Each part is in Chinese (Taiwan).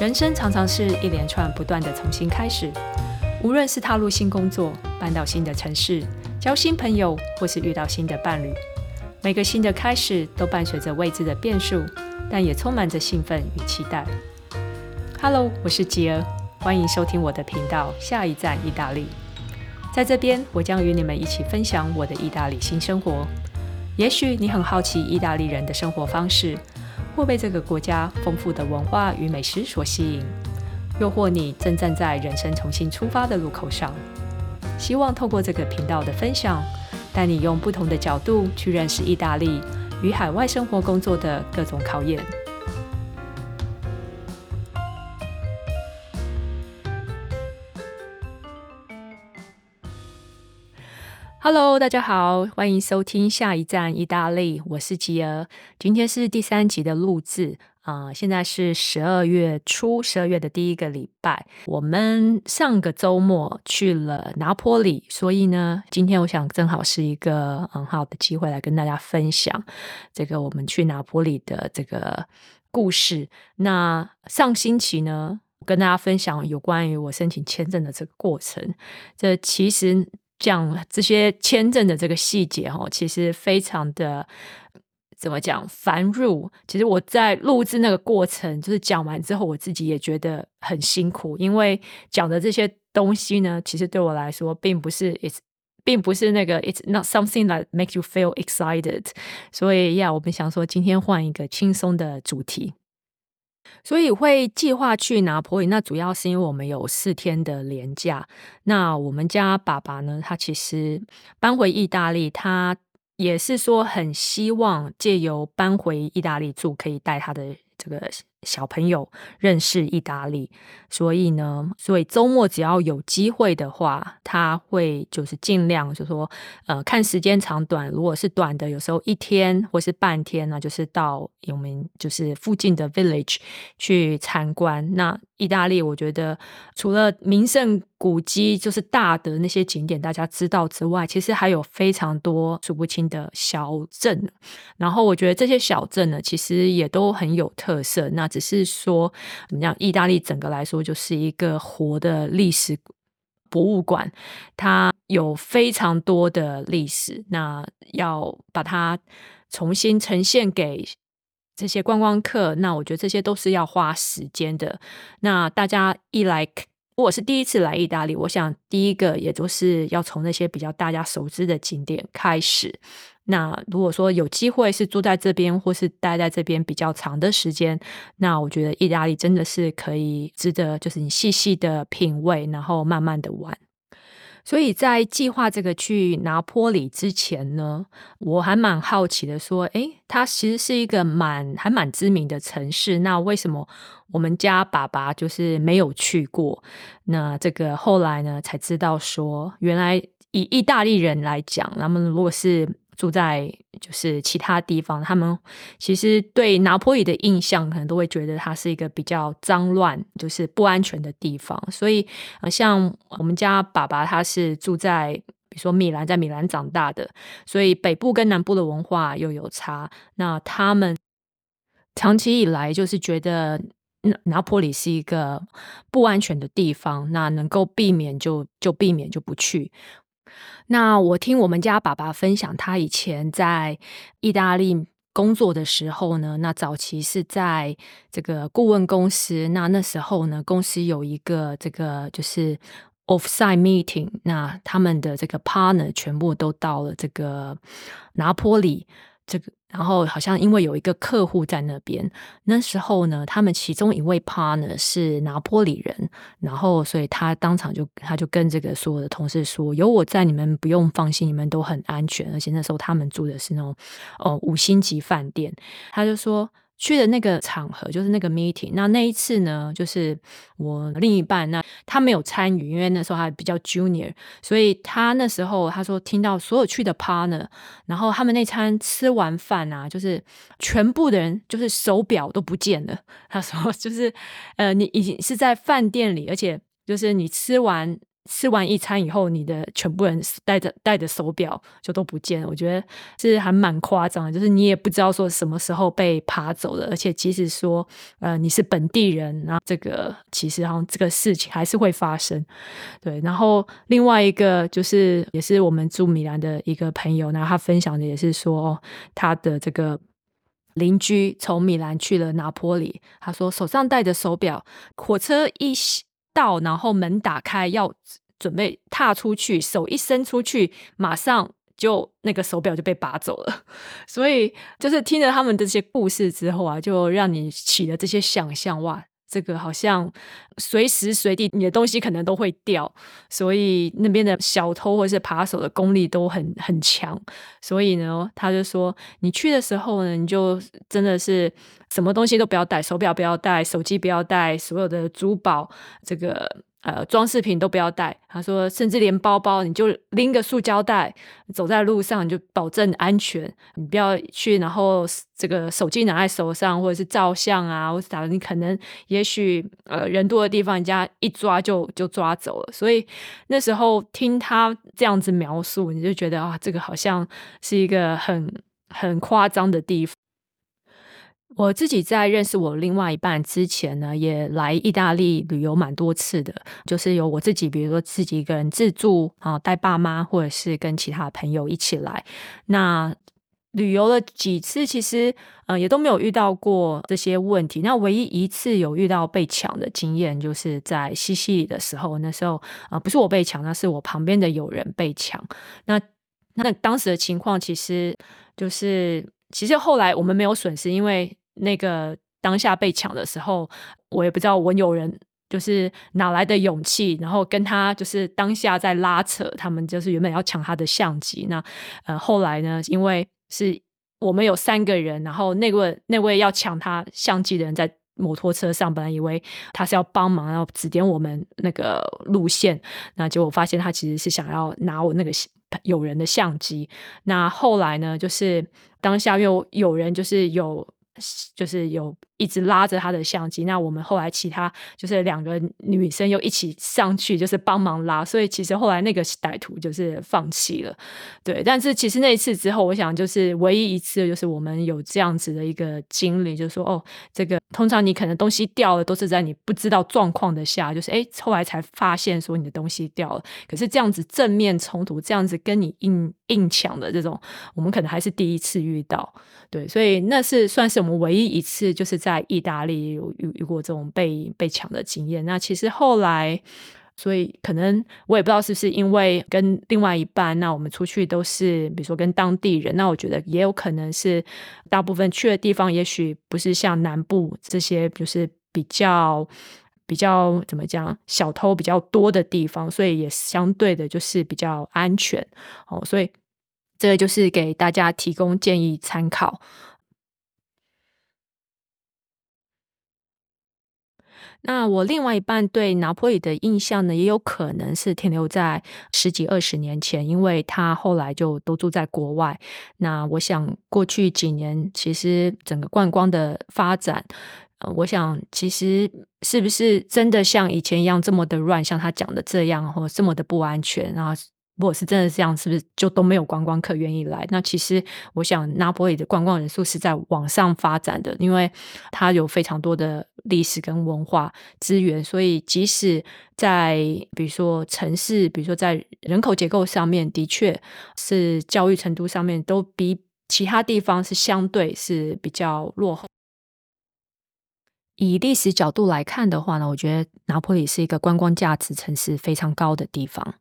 人生常常是一連串不斷的重新開始，無論是踏入新工作、搬到新的城市、交新朋友，或是遇到新的伴侶，每個新的開始都伴隨着未知的變數，但也充滿着興奮與期待。Hello，我是吉兒，歡迎收聽我的頻道。下一站意大利，在這邊我將與你們一起分享我的意大利新生活。也許你很好奇意大利人的生活方式。或被這個國家豐富的文化與美食所吸引，又或你正站在人生重新出發的路口上，希望透過這個頻道的分享，帶你用不同的角度去認識意大利與海外生活工作的各種考驗。Hello，大家好，歡迎收聽下一站意大利，我是吉爾。今天是第三集的錄製啊、呃，現在是十二月初，十二月的第一個禮拜。我們上個周末去了拿坡里，所以呢，今天我想正好是一個很好的機會來跟大家分享這個我們去拿坡里的這個故事。那上星期呢，跟大家分享有關於我申請簽證的這個過程，這其實。講這些簽證的這個細節哦，其實非常的怎麼講繁縟。其實我在錄制那個過程，就是講完之後，我自己也覺得很辛苦，因為講的這些東西呢，其實對我來說並不是 it's 並不是那個 it's not something that makes you feel excited。所以，呀，我們想說今天換一個輕鬆的主題。所以會計劃去拿坡里，那主要是因為我們有四天的連假。那我們家爸爸呢，他其實搬回意大利，他也是說很希望借由搬回意大利住，可以帶他的這個。小朋友認識意大利，所以呢，所以周末只要有機會的話，他會就是盡量就是說，呃，看時間長短。如果是短的，有時候一天或是半天呢、啊，就是到有名就是附近的 village 去參觀。那意大利，我覺得除了名勝古蹟，就是大的那些景點大家知道之外，其實還有非常多數不清的小鎮。然後我覺得這些小鎮呢，其實也都很有特色。那只是說，你像意大利整個來說就是一個活的歷史博物館，它有非常多的歷史，那要把它重新呈現給這些觀光客，那我覺得這些都是要花時間的。那大家一來，如果我是第一次來意大利，我想第一個也都是要從那些比較大家熟知的景點開始。那如果說有機會是住在這邊，或是待在這邊比較長的時間，那我覺得意大利真的是可以值得，就是你細細的品味，然後慢慢的玩。所以在計劃這個去拿坡里之前呢，我還蠻好奇的，說，哎，它其實是一個蠻還蠻知名的城市，那為什麼我們家爸爸就是沒有去過？那這個後來呢才知道說，說原來以意大利人來講，那麼如果是住在就是其他地方，他們其實對拿坡里的印象，可能都會覺得它是一個比較髒亂，就是不安全的地方。所以，像我們家爸爸，他是住在比如說米蘭，在米蘭長大的，所以北部跟南部的文化又有差。那他們長期以來就是覺得拿，拿坡里是一個不安全的地方，那能夠避免就就避免就不去。那我聽我們家爸爸分享，他以前在意大利工作的時候呢，那早期是在這個顧問公司，那那時候呢，公司有一個這個就是 offsite meeting，那他們的這個 partner 全部都到了這個拿坡里。這個，然後好像因為有一個客戶在那邊，那時候呢，他們其中一位 partner 是拿坡裡人，然後所以他當場就他就跟這個所有的同事說：“有我在，你們不用放心，你們都很安全。”而且那時候他們住的是那種，哦，五星級飯店，他就說。去的那個場合就是那個 meeting，那那一次呢，就是我另一半，那他沒有參與，因為那時候還比較 junior，所以他那時候他說聽到所有去的 partner，然後他們那餐吃完飯啊，就是全部的人就是手錶都不見了，他說就是呃你已經是在飯店裡，而且就是你吃完。吃完一餐以後，你的全部人戴著戴著手錶就都不見了。我覺得是還蠻誇張的，就是你也不知道說什麼時候被扒走了，而且即使說呃你是本地人，然後這個其實好像這個事情還是會發生，對。然後另外一個就是也是我們住米蘭的一個朋友，然後他分享的也是說、哦、他的這個鄰居從米蘭去了拿坡里，他說手上戴着手錶，火車一到，然後門打開要。準備踏出去，手一伸出去，馬上就那個手錶就被拔走了。所以就是聽了他們這些故事之後啊，就讓你起了這些想象。哇，這個好像隨時隨地你的東西可能都會掉，所以那邊的小偷或是扒手的功力都很很強。所以呢，他就說你去的時候呢，你就真的是什麼東西都不要帶，手錶不要帶，手機不要帶，所有的珠寶這個。呃，裝飾品都不要帶。他說，甚至連包包，你就拎個塑膠袋，走在路上你就保證安全。你不要去，然後這個手機拿在手上，或者是照相啊，或者啥的，你可能也許呃人多的地方，人家一抓就就抓走了。所以那時候聽他這樣子描述，你就覺得啊，這個好像是一個很很誇張的地方。我自己在認識我另外一半之前呢，也來意大利旅遊蠻多次的，就是由我自己，比如說自己一個人自助，啊、呃，帶爸媽，或者是跟其他朋友一起來。那旅遊了幾次，其實呃也都沒有遇到過這些問題。那唯一一次有遇到被搶的經驗，就是在西西里的時候，那時候啊、呃、不是我被搶，那是我旁邊的友人被搶。那那當時的情況其實就是，其實後來我們沒有損失，因為。那個當下被搶的時候，我也不知道我友人就是哪來的勇氣，然後跟他就是當下在拉扯，他們就是原本要搶他的相機。那呃後來呢，因為是我們有三個人，然後那位那位要搶他相機的人在摩托車上，本來以為他是要幫忙，要指點我們那個路線，那結果我發現他其實是想要拿我那個友人的相機。那後來呢，就是當下又有人就是有。就是有，一直拉着他的相機，那我們後來其他就是兩個女生又一起上去，就是幫忙拉，所以其實後來那個歹徒就是放棄了，對。但是其實那一次之後，我想就是唯一一次，就是我們有這樣子的一個經歷，就是說，哦，這個通常你可能東西掉了都是在你不知道狀況的下，就是哎，後來才發現說你的東西掉了。可是這樣子正面衝突，這樣子跟你硬硬搶的這種，我們可能還是第一次遇到，對。所以那是算是我們唯一一次，就是在。在意大利，有有遇過這種被被搶的經驗，那其實後來，所以可能我也不知道是不是因為跟另外一半，那我們出去都是，比如說跟當地人，那我覺得也有可能是大部分去的地方，也許不是像南部這些，就是比較比較怎麼講，小偷比較多的地方，所以也相對的就是比較安全。哦，所以這個就是給大家提供建議參考。那我另外一半對拿坡里的印象呢，也有可能是停留在十幾二十年前，因為他後來就都住在國外。那我想，過去幾年其實整個觀光的發展、呃，我想其實是不是真的像以前一樣這麼的亂，像他講的這樣，或、哦、這麼的不安全啊？然後如果是真的是這樣，是不是就都沒有觀光客願意來？那其實我想，拿坡里的觀光人數是在往上發展的，因為它有非常多的歷史跟文化資源，所以即使在比如說城市，比如說在人口結構上面，的確是教育程度上面都比其他地方是相對是比較落後。以歷史角度來看的話呢，我覺得拿坡里是一個觀光價值城市非常高的地方。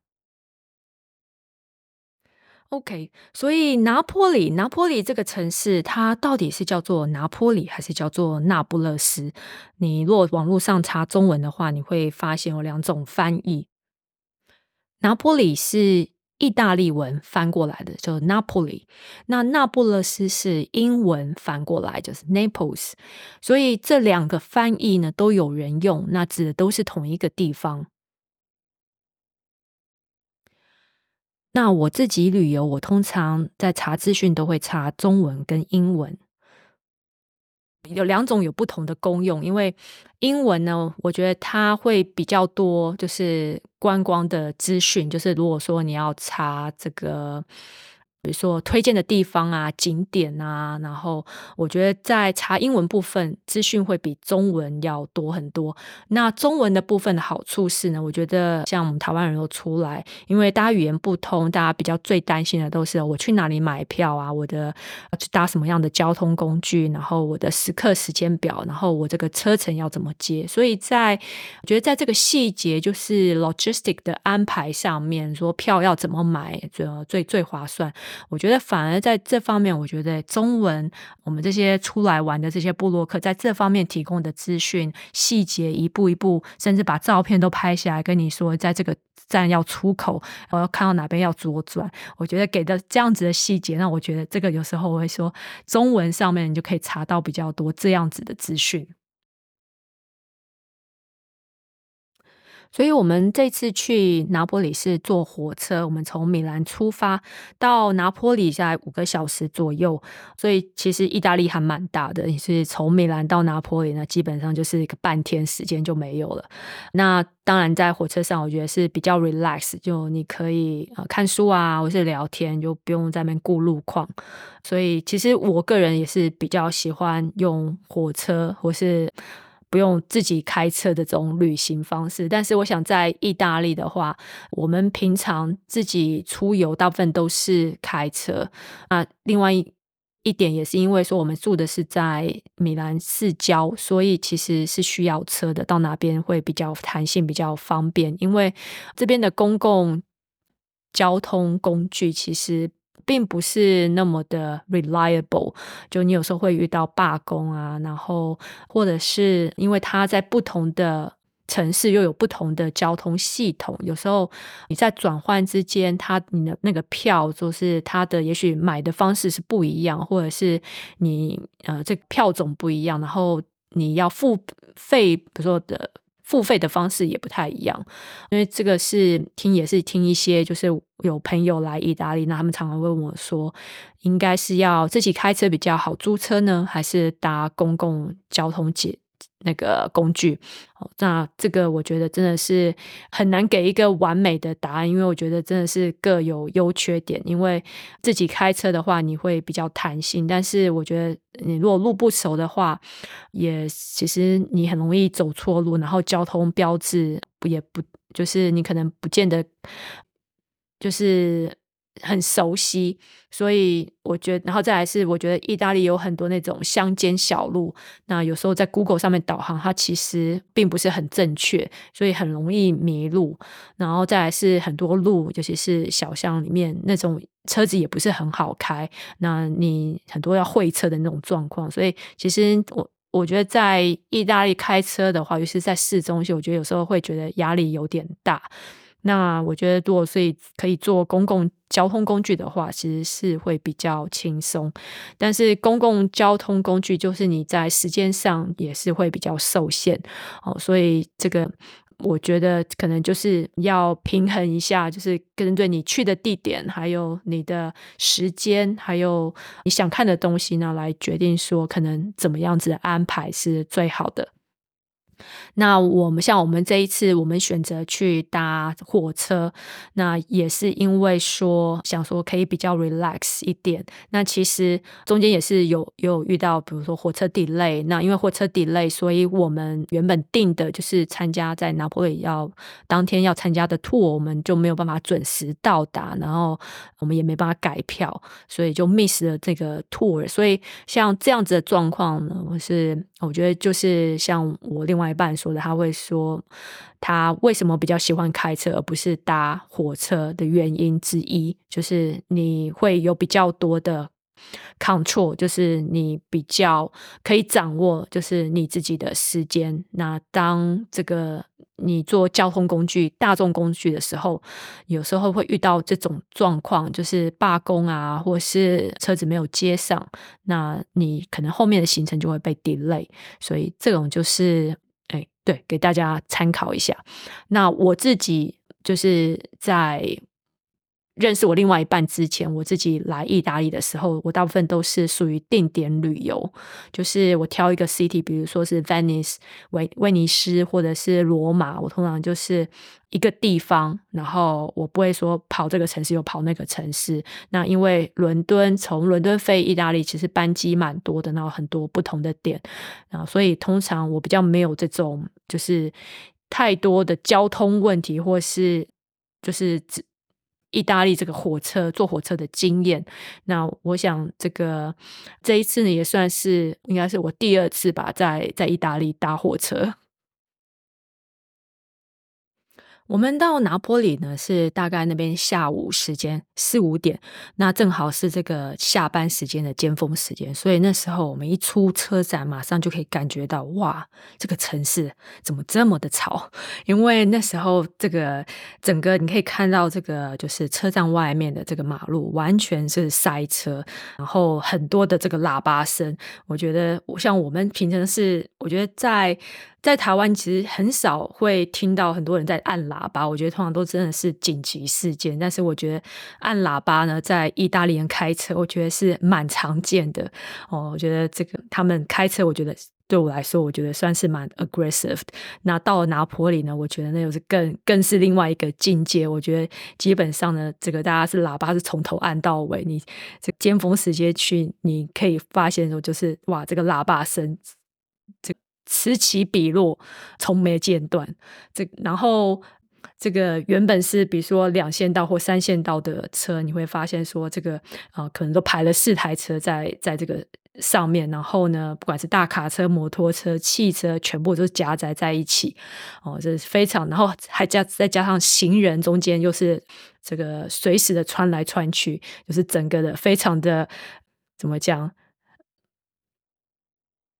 OK，所以拿坡里，拿坡里這個城市，它到底是叫做拿坡里還是叫做那不勒斯？你若網絡上查中文的話，你會發現有兩種翻譯。拿坡里是意大利文翻過來的，就是 Napoli；那那不勒斯是英文翻過來，就是 Naples。所以這兩個翻譯呢，都有人用，那指的都是同一個地方。那我自己旅遊，我通常在查資訊都會查中文跟英文，有兩種有不同的功用，因為英文呢，我覺得它會比較多，就是觀光的資訊，就是如果說你要查這個。比如說推薦的地方啊、景點啊，然後我覺得在查英文部分資訊會比中文要多很多。那中文的部分的好處是呢，我覺得像我們台灣人都出來，因為大家語言不通，大家比較最擔心的都是我去哪裡買票啊，我的去搭什麼樣的交通工具，然後我的時刻時間表，然後我這個車程要怎麼接。所以在，在我覺得在這個細節就是 logistic 的安排上面，說票要怎麼買，最最最划算。我覺得反而在這方面，我覺得中文我們這些出來玩的這些部落客，在這方面提供的資訊細節，一步一步，甚至把照片都拍下來，跟你說，在這個站要出口，我要看到哪邊要左轉。我覺得給的這樣子的細節，那我覺得這個有時候我會說，中文上面你就可以查到比較多這樣子的資訊。所以我們這次去拿坡里是坐火車，我們從米蘭出發到拿坡里，在五個小時左右。所以其實意大利還蠻大的，也是從米蘭到拿坡里呢，基本上就是一個半天時間就沒有了。那當然在火車上，我覺得是比較 relax，就你可以、呃、看書啊，或是聊天，就不用在那邊顧路況。所以其實我個人也是比較喜歡用火車或是。不用自己開車的這種旅行方式，但是我想在意大利的話，我們平常自己出遊大部分都是開車。那另外一點也是因為說我們住的是在米蘭市郊，所以其實是需要車的，到哪邊會比較彈性，比較方便。因為這邊的公共交通工具其實並不是那麼的 reliable，就你有時候會遇到罷工啊，然後或者是因為它在不同的城市又有不同的交通系統，有時候你在轉換之間，它你的那個票就是它的也許買的方式是不一樣，或者是你呃這個票種不一樣，然後你要付費，比如說的。付費的方式也不太一樣，因為這個是聽也是聽一些，就是有朋友來意大利，那他們常常問我說，應該是要自己開車比較好，租車呢，還是搭公共交通接？那個工具，那這個我覺得真的是很難給一個完美的答案，因為我覺得真的是各有優缺點。因為自己開車的話，你會比較彈性，但是我覺得你如果路不熟的話，也其實你很容易走錯路，然後交通標誌也不，就是你可能不見得就是很熟悉，所以我覺得，然後再來是，我覺得意大利有很多那種鄉間小路。那有時候在 Google 上面導航，它其實並不是很正確，所以很容易迷路。然後再來是很多路，尤其是小巷裡面那種車子也不是很好開。那你很多要會車的那種狀況，所以其實我我覺得在意大利開車的話，尤其是在市中心，我覺得有時候會覺得壓力有點大。那我覺得如果，所以可以坐公共交通工具的話，其實是會比較輕鬆。但是公共交通工具就是你在時間上也是會比較受限哦，所以這個我覺得可能就是要平衡一下，就是跟對你去的地點，還有你的時間，還有你想看的東西呢，來決定說可能怎麼樣子的安排是最好的。那我們像我們這一次，我們選擇去搭火車，那也是因為說想說可以比較 relax 一點。那其實中間也是有有，有遇到，比如說火車 delay，那因為火車 delay，所以我們原本訂的就是參加在拿坡里要當天要參加的 tour，我們就沒有辦法準時到達，然後我們也沒辦法改票，所以就 miss 了這個 tour。所以像這樣子的狀況呢，我是我覺得就是像我另外一半說。他會說，他為什麼比較喜歡開車而不是搭火車的原因之一，就是你會有比較多的 control，就是你比較可以掌握，就是你自己的時間。那當這個你坐交通工具、大眾工具的時候，有時候會遇到這種狀況，就是罷工啊，或是車子沒有接上，那你可能後面的行程就會被 delay。所以這種就是。對，給大家參考一下。那我自己就是在。認識我另外一半之前，我自己來意大利的時候，我大部分都是屬於定點旅遊，就是我挑一個 city，比如說是 Venice 威威尼斯或者是羅馬，我通常就是一個地方，然後我不會說跑這個城市又跑那個城市。那因為倫敦從倫敦飛意大利其實班機蠻多的，然後很多不同的點，然後，所以通常我比較沒有這種就是太多的交通問題，或是就是。意大利這個火車，坐火車的經驗，那我想這個，這一次呢，也算是，應該是我第二次吧，在在意大利搭火車。我們到拿坡里呢，是大概那邊下午時間四五點，那正好是這個下班時間的尖峰時間，所以那時候我們一出車站，馬上就可以感覺到，哇，這個城市怎麼這麼的吵？因為那時候這個整個你可以看到，這個就是車站外面的這個馬路完全是塞車，然後很多的這個喇叭聲。我覺得，像我們平常是，我覺得在。在台灣其實很少會聽到很多人在按喇叭，我覺得通常都真的是緊急事件。但是我覺得按喇叭呢，在意大利人開車，我覺得是蠻常見的哦。我覺得這個他們開車，我覺得對我來說，我覺得算是蠻 aggressive。那到了拿坡裡呢，我覺得那又是更更是另外一個境界。我覺得基本上呢，這個大家是喇叭是從頭按到尾，你這尖峰時間去，你可以發現說就是哇，這個喇叭聲這個。此起彼落，從沒間斷。這然後這個原本是比如說兩線道或三線道的車，你會發現說這個啊、呃，可能都排了四台車在在這個上面。然後呢，不管是大卡車、摩托車、汽車，全部都是夾雜在一起哦，這、就是非常。然後還加再加上行人中間又是這個隨時的穿來穿去，就是整個的非常的怎麼講？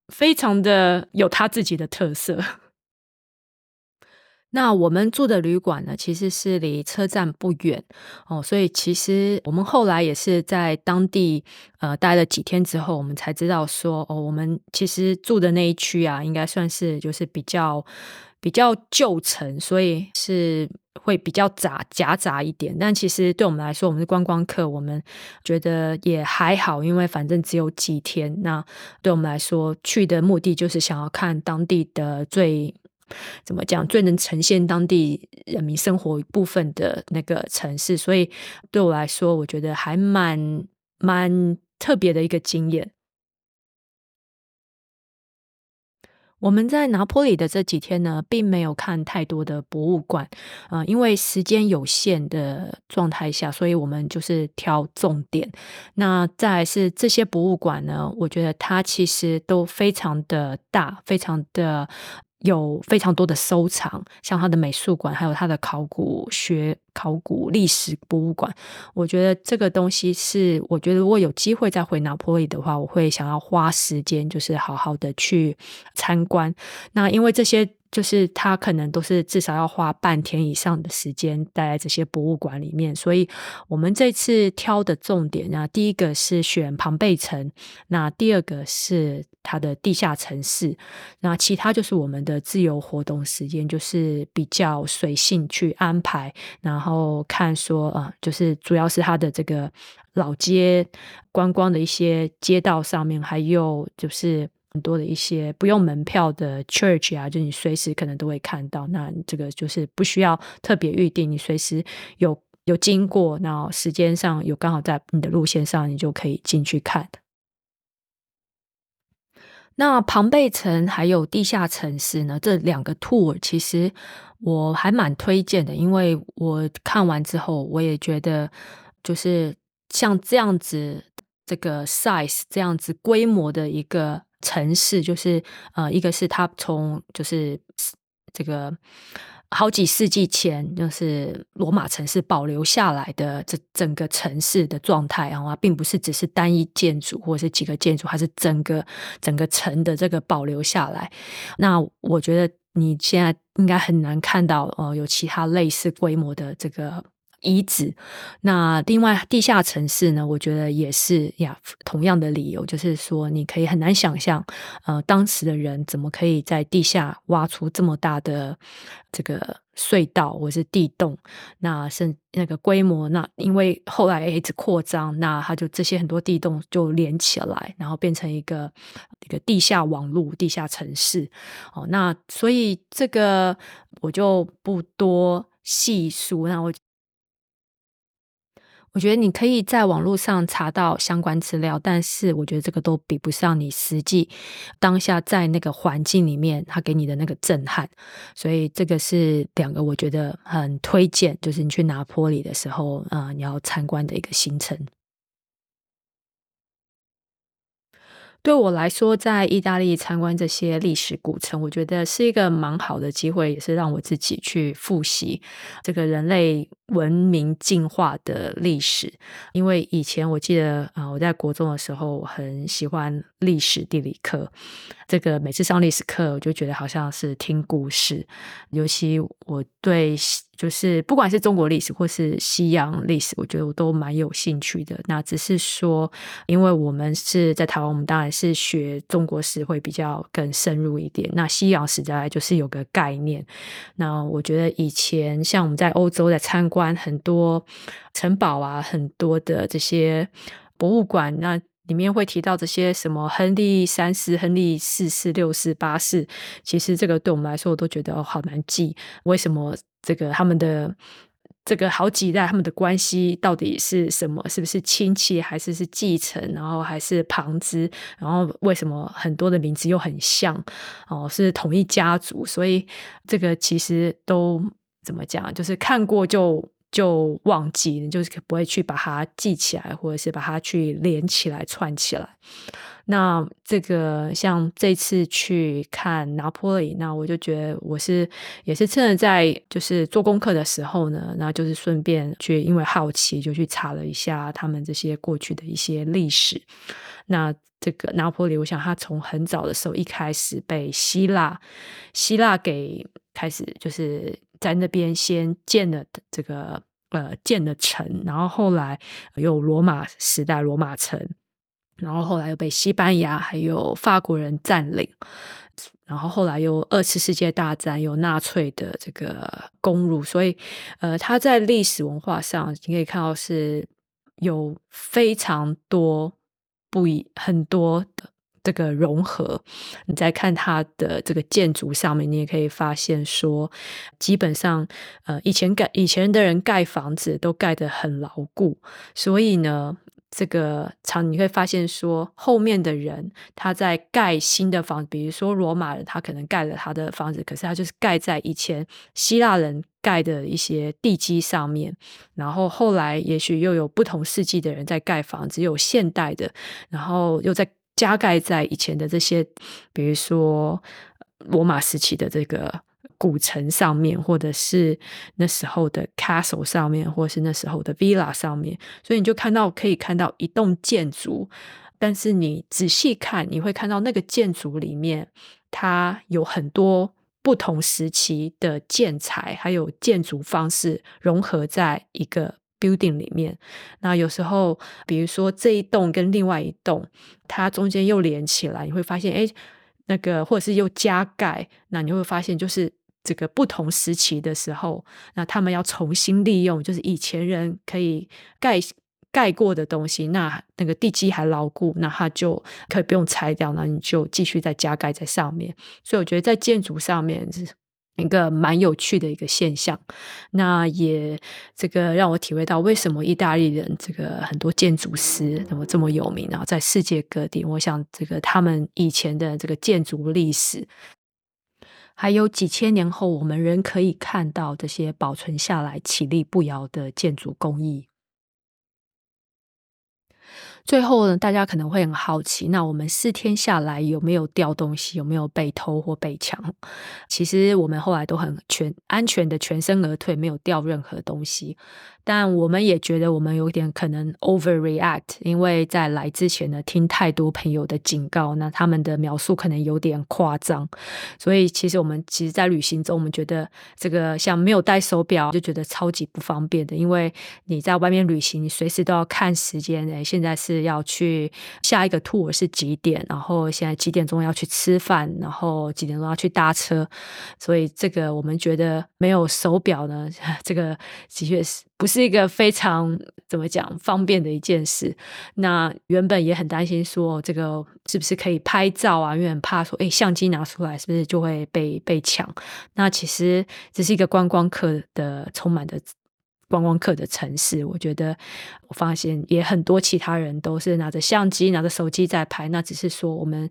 非常的有他自己的特色。那我們住的旅館呢，其實是離車站不遠哦，所以其實我們後來也是在當地呃待了幾天之後，我們才知道說哦，我們其實住的那一區啊，應該算是就是比較比較舊城，所以是。會比較雜，夾雜一點，但其實對我們來說，我們是觀光客，我們覺得也還好，因為反正只有幾天。那對我們來說，去的目的就是想要看當地的最怎麼講，最能呈現當地人民生活一部分的那個城市。所以對我來說，我覺得還蠻蠻特別的一個經驗。我們在拿坡里的這幾天呢，並沒有看太多的博物館，呃，因為時間有限的狀態下，所以我們就是挑重點。那再來是這些博物館呢，我覺得它其實都非常的大，非常的。有非常多的收藏，像他的美術館，還有他的考古學、考古歷史博物館。我覺得這個東西是，我覺得如果有機會再回拿坡里的話，我會想要花時間，就是好好的去參觀。那因為這些就是他可能都是至少要花半天以上的時間待在這些博物館裡面，所以我們這次挑的重點呢，第一個是選龐貝城，那第二個是。它的地下城市，那其他就是我們的自由活動時間，就是比較隨性去安排，然後看說啊、嗯，就是主要是它的這個老街觀光的一些街道上面，還有就是很多的一些不用門票的 church 啊，就你隨時可能都會看到。那這個就是不需要特別預定，你隨時有有經過，然後時間上有剛好在你的路線上，你就可以進去看那龐貝城還有地下城市呢？這兩個 tour 其實我還蠻推薦的，因為我看完之後，我也覺得就是像這樣子這個 size 這樣子規模的一個城市，就是呃，一個是他從就是這個。好幾世紀前，就是羅馬城市保留下來的這整個城市的狀態啊，並不是只是單一建築或者是幾個建築，還是整個整個城的這個保留下來。那我覺得你現在應該很難看到哦，有其他類似規模的這個。遺址，那另外地下城市呢？我覺得也是呀，同樣的理由，就是說你可以很難想象，呃，當時的人怎麼可以在地下挖出這麼大的這個隧道，或是地洞，那甚那個規模，那因為後來一直擴張，那他就這些很多地洞就連起來，然後變成一個一個地下網絡、地下城市。哦，那所以這個我就不多細述。那我。我覺得你可以在網絡上查到相關資料，但是我覺得這個都比不上你實際當下在那個環境裡面，它給你的那個震撼，所以這個是兩個我覺得很推薦，就是你去拿坡里的時候，啊、呃，你要參觀的一個行程。對我來說，在意大利參觀這些歷史古城，我覺得是一個蠻好的機會，也是讓我自己去復習這個人類。文明進化的歷史，因為以前我記得啊，我在國中的時候，我很喜歡歷史地理課。這個每次上歷史課，我就覺得好像是聽故事。尤其我對就是不管是中國歷史或是西洋歷史，我覺得我都蠻有興趣的。那只是說，因為我們是在台灣，我們當然是學中國史會比較更深入一點。那西洋史當然就是有個概念。那我覺得以前像我們在歐洲在參觀。玩很多城堡啊，很多的這些博物館，那裡面會提到這些什麼亨利三世、亨利四世、六世、八世。其實這個對我們來說，我都覺得好難記。為什麼這個他們的這個好幾代他們的關係到底是什麼？是不是親戚，還是是繼承，然後還是旁支？然後為什麼很多的名字又很像？哦，是同一家族，所以這個其實都。怎麼講？就是看過就就忘記，就是不會去把它記起來，或者是把它去連起來、串起來。那這個像這次去看拿坡里，那我就覺得我是也是趁着在就是做功課的時候呢，那就是順便去，因為好奇就去查了一下他們這些過去的一些歷史。那這個拿坡里，我想他從很早的時候一開始被希臘希臘給開始就是。在那邊先建了這個呃，建了城，然後後來有羅馬時代羅馬城，然後後來又被西班牙還有法國人占領，然後後來又有二次世界大戰，又有納粹的這個攻入，所以呃，他在歷史文化上你可以看到是有非常多不一，很多的，這個融合，你再看它的這個建築上面，你也可以發現說，基本上，呃，以前蓋以前的人蓋房子都蓋得很牢固，所以呢，這個常你會發現說，後面的人他在蓋新的房子，比如說羅馬人，他可能蓋了他的房子，可是他就是蓋在以前希臘人蓋的一些地基上面，然後後來也許又有不同世紀的人在蓋房子，有現代的，然後又在。加蓋在以前的這些，比如說羅馬時期的這個古城上面，或者是那時候的 castle 上面，或是那時候的 villa 上面，所以你就看到，可以看到一棟建築，但是你仔細看，你會看到那個建築裡面它有很多不同時期的建材，還有建築方式融合在一個。building 裡面，那有時候比如說這一棟跟另外一棟，它中間又連起來，你會發現，誒、欸，那個或者是又加蓋，那你會發現就是這個不同時期的時候，那他們要重新利用，就是以前人可以蓋蓋過的東西，那那個地基還牢固，那它就可以不用拆掉，那你就繼續再加蓋在上面。所以我覺得在建築上面是。一個蠻有趣的一個現象，那也這個讓我體會到為什麼意大利人這個很多建築師怎麼這麼有名啊，在世界各地，我想這個他們以前的這個建築歷史，還有幾千年後我們仍可以看到這些保存下來屹立不搖的建築工藝。最後呢，大家可能會很好奇，那我們四天下來有沒有掉東西，有沒有被偷或被搶？其實我們後來都很全，安全的全身而退，沒有掉任何東西。但我們也覺得我們有點可能 overreact，因為在來之前呢，聽太多朋友的警告，那他們的描述可能有點誇張。所以其實我們其實在旅行中，我們覺得這個像沒有戴手錶就覺得超級不方便的，因為你在外面旅行，你隨時都要看時間。哎，現在是。是要去下一個 tour 是幾點，然後現在幾點鐘要去吃飯，然後幾點鐘要去搭車，所以這個我們覺得沒有手錶呢，這個的確是不是一個非常怎麼講方便的一件事。那原本也很擔心說這個是不是可以拍照啊，因為怕說哎相機拿出來是不是就會被被搶。那其實這是一個觀光客的充滿的。觀光客的城市，我覺得我發現也很多，其他人都是拿着相機、拿着手機在拍，那只是說我們。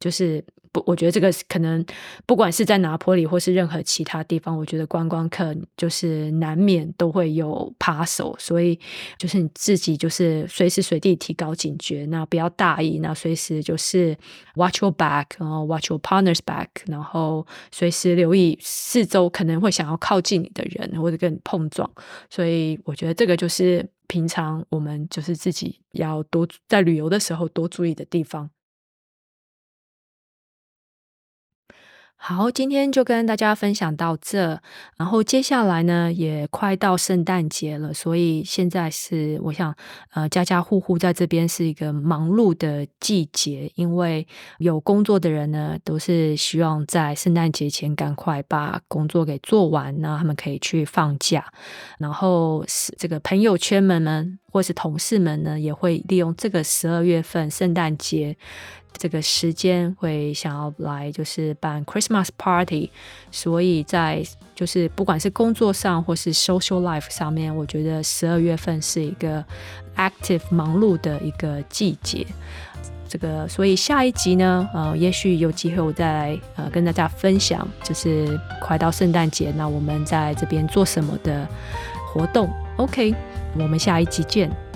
就是不，我覺得這個可能，不管是在拿坡里或是任何其他地方，我覺得觀光客就是難免都會有扒手，所以就是你自己就是隨時隨地提高警覺，那不要大意，那隨時就是 watch your back，然後 watch your partner's back，然後隨時留意四周可能會想要靠近你的人或者跟你碰撞，所以我覺得這個就是平常我們就是自己要多在旅遊的時候多注意的地方。好，今天就跟大家分享到這。然後接下來呢，也快到聖誕節了，所以現在是我想，呃，家家戶戶在這邊是一個忙碌的季節，因為有工作的人呢，都是希望在聖誕節前趕快把工作給做完，那他們可以去放假。然後是這個朋友圈們們，或是同事們呢，也會利用這個十二月份聖誕節。這個時間會想要來，就是辦 Christmas party，所以在，就是不管是工作上，或是 social life 上面，我覺得十二月份是一個 active 忙碌的一個季節。這個所以下一集呢，呃，也許有機會我再呃跟大家分享，就是快到聖誕節，那我們在這邊做什麼的活動。OK，我們下一集見。